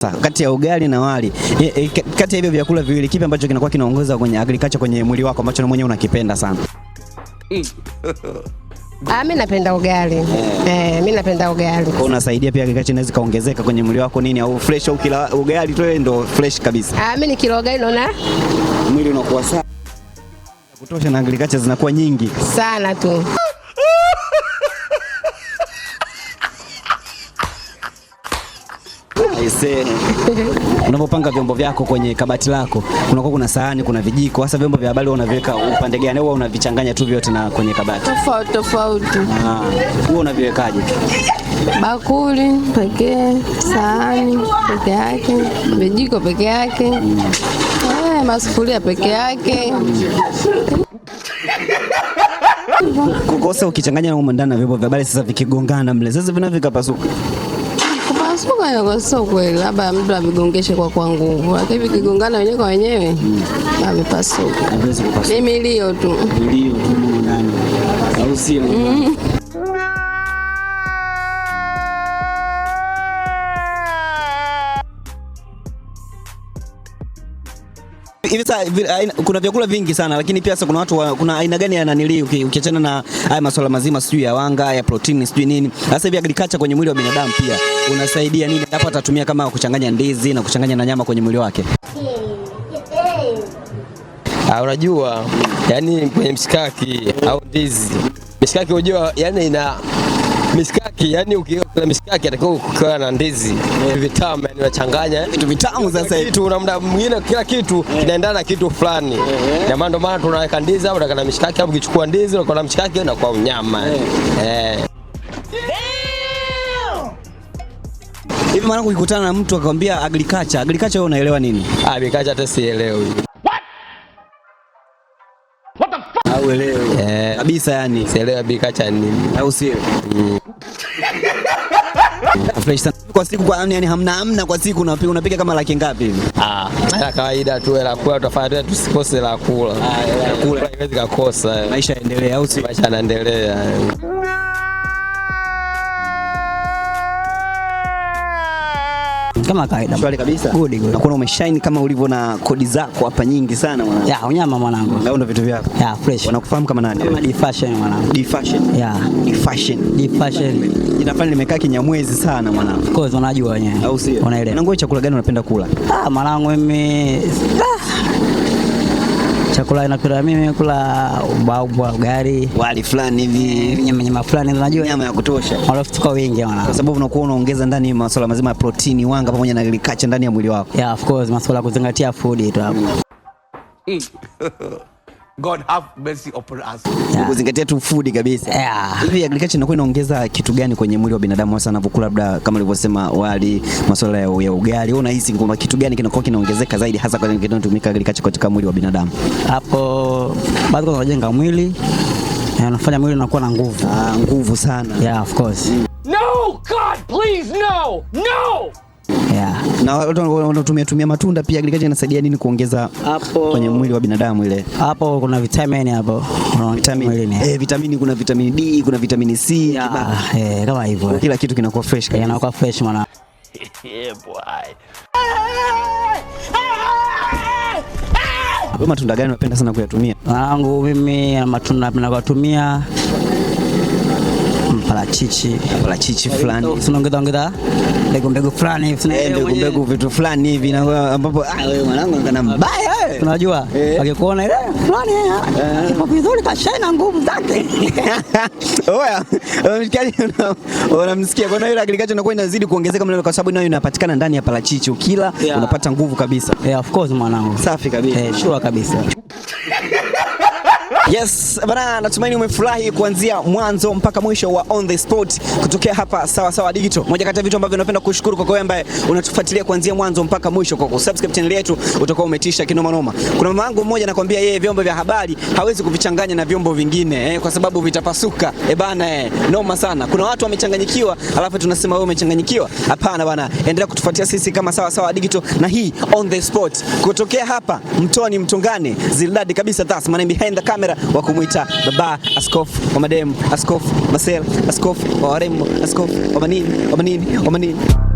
sasa Kati ya ugali na wali e, e, kati ya hivyo vyakula viwili kipi ambacho kinakuwa kinaongoza kwenye agriculture kwenye mwili wako ambacho mwenyewe unakipenda sana? Ah, mimi napenda ugali. Eh, eh mimi napenda ugali. Kwa unasaidia pia agriculture inaweza kaongezeka kwenye mwili wako nini au fresh au kila ugali tu ndio fresh kabisa. Ah, mimi ni kilo ugali naona mwili unakuwa sawa. Kutosha na agriculture zinakuwa nyingi sana tu. unavyopanga Unapopanga vyombo vyako kwenye kabati lako, kunakuwa kuna sahani, kuna vijiko. Hasa vyombo vya habari unaviweka upande gani au unavichanganya tu vyote na kwenye kabati? Tofauti tofauti. Ah, huwa unaviwekaje? Bakuli pekee, sahani peke yake, vijiko peke yake, eh, masufuria peke yake. Kukosa ukichanganya huko ndani na vyombo vya habari sasa vikigongana mle. Sasa vinavyokapasuka vikapasuka. Kasuka kwa sio kweli, labda mtu avigongeshe kwa kwa nguvu, lakini vikigongana wenyewe kwa wenyewe mm. avipasuka. Ni milio tu, milio tu nani, au sio? Mm. hivi sasa eh, kuna vyakula vingi sana lakini pia sasa kuna watu kuna aina gani ya nanili ukiachana na haya masuala mazima sijui ya wanga ya protini sijui nini. Sasa hivi agriculture kwenye mwili wa binadamu pia unasaidia nini? Hapo atatumia kama kuchanganya ndizi na kuchanganya na nyama kwenye mwili wake. Ah, unajua yani kwenye mshikaki au ndizi mshikaki unajua yani ina miskaki, yani ukiwa miskaki atakiwa ukiwa na ndizi vitamu, yani unachanganya vitu vitamu. Sasa hivi kitu na muda mwingine kila kitu kinaendana na kitu fulani, eh. na maana ndio maana tunaweka ndizi hapo, tunaweka na mishikaki hapo. Ukichukua ndizi unakuwa na mishikaki na kwa mnyama eh, eh. hivi. Maana kukikutana na mtu akamwambia agriculture, agriculture wewe unaelewa nini? Ah, agriculture hata sielewi. What eh, kabisa yani. Sielewi bikacha nini. Au sio? Mm. Fresh sana kwa siku kwa nani yani hamna hamna kwa siku unapiga unapiga kama laki ngapi hivi? Ah, hela kawaida tu hela kula tutafanya tu tusikose la kula. Ah, hela kula haiwezi kukosa. Maisha yaendelea au si? Maisha yanaendelea. Eh. kama kawaida. Shwari kabisa. Good, good. Na umeshine kama ulivyo na kodi zako hapa nyingi sana mwanangu. Ya, unyama mwanangu. Na ndio vitu vyako. Ya, fresh. Wanakufahamu kama nani? Kama D Fashion mwanangu. D Fashion. Ya. D Fashion. D Fashion. Inafanya nimekaa kinyamwezi sana mwanangu. Of course wanajua wenyewe. Au sio? Wanaelewa. Na nguo chakula gani unapenda kula? Ah, mwanangu mimi ah, chakula inakula mimi kula ubabwa, gari wali fulani hivi, nyama nyama fulani, unajua nyama ya kutosha, alafu tuko wengi bwana, kwa sababu unakuwa unaongeza ndani masuala mazima ya protini, wanga pamoja na glikati ndani ya mwili wako. Yeah, of course, masuala kuzingatia food tu hapo. Mm. God have mercy upon us. Kuzingatia tu food kabisa. Hivi agriculture inakuwa inaongeza kitu gani kwenye mwili wa binadamu hasa anapokula labda kama ulivyosema wali, masuala ya ugali. Wewe unahisi kuna kitu gani kinakuwa kinaongezeka zaidi hasa kwa nini kinatumika agriculture katika mwili wa binadamu? Hapo bado kujenga mwili. Eh, Anafanya mwili unakuwa na nguvu. Ah, nguvu sana. Yeah, of course. No, God, please, no. No. Yeah. Na watu wanatumia tumia matunda pia agriculture inasaidia nini kuongeza hapo kwenye mwili wa binadamu ile? Hapo kuna vitamini hapo. Kuna vitamini. Eh, vitamini kuna vitamini D, kuna vitamini C. Yeah. Eh, kama hivyo. Kila kitu kinakuwa fresh kabisa. Kinakuwa fresh mwana. Yeah, boy. Matunda gani unapenda sana kuyatumia? Wanangu mimi matunda napenda kuyatumia parachichi, parachichi fulani, tunaongeza ongeza mbegu mbegu fulani, eh, mbegu mbegu vitu fulani hivi, na ambapo ah, wewe mwanangu ungana mbaya wewe, eh. tunajua eh. akikuona ile fulani ipo vizuri, kashai na nguvu zake. Oya mshikaji, unamsikia kwa nini akili kacho inakuwa inazidi kuongezeka mwenyewe, kwa sababu nayo inapatikana ndani ya parachichi, ukila unapata nguvu kabisa. Yeah, of course mwanangu, safi kabisa, sure kabisa. Yes, bana, natumaini umefurahi kuanzia mwanzo mpaka mwisho wa On The Spot kutokea hapa Sawa Sawa Digital. Moja kati ya vitu ambavyo napenda kushukuru kwa wewe ambaye unatufuatilia kuanzia mwanzo mpaka mwisho kwa kusubscribe channel yetu, utakuwa umetisha kinoma noma. Kuna mama yangu mmoja anakuambia yeye vyombo vya habari hawezi kuvichanganya na vyombo vingine eh, kwa sababu vitapasuka. Eh, bana eh, noma sana. Kuna watu wamechanganyikiwa, alafu tunasema wewe umechanganyikiwa. Hapana bana, endelea kutufuatia sisi kama Sawa Sawa Digital na hii On The Spot kutokea hapa Mtoni mtungane zilidadi kabisa tas, maana behind the camera wa kumwita baba askofu wa mademu, askofu Marcel, askofu wa warembo, askofu wa manini wa manini wa manini.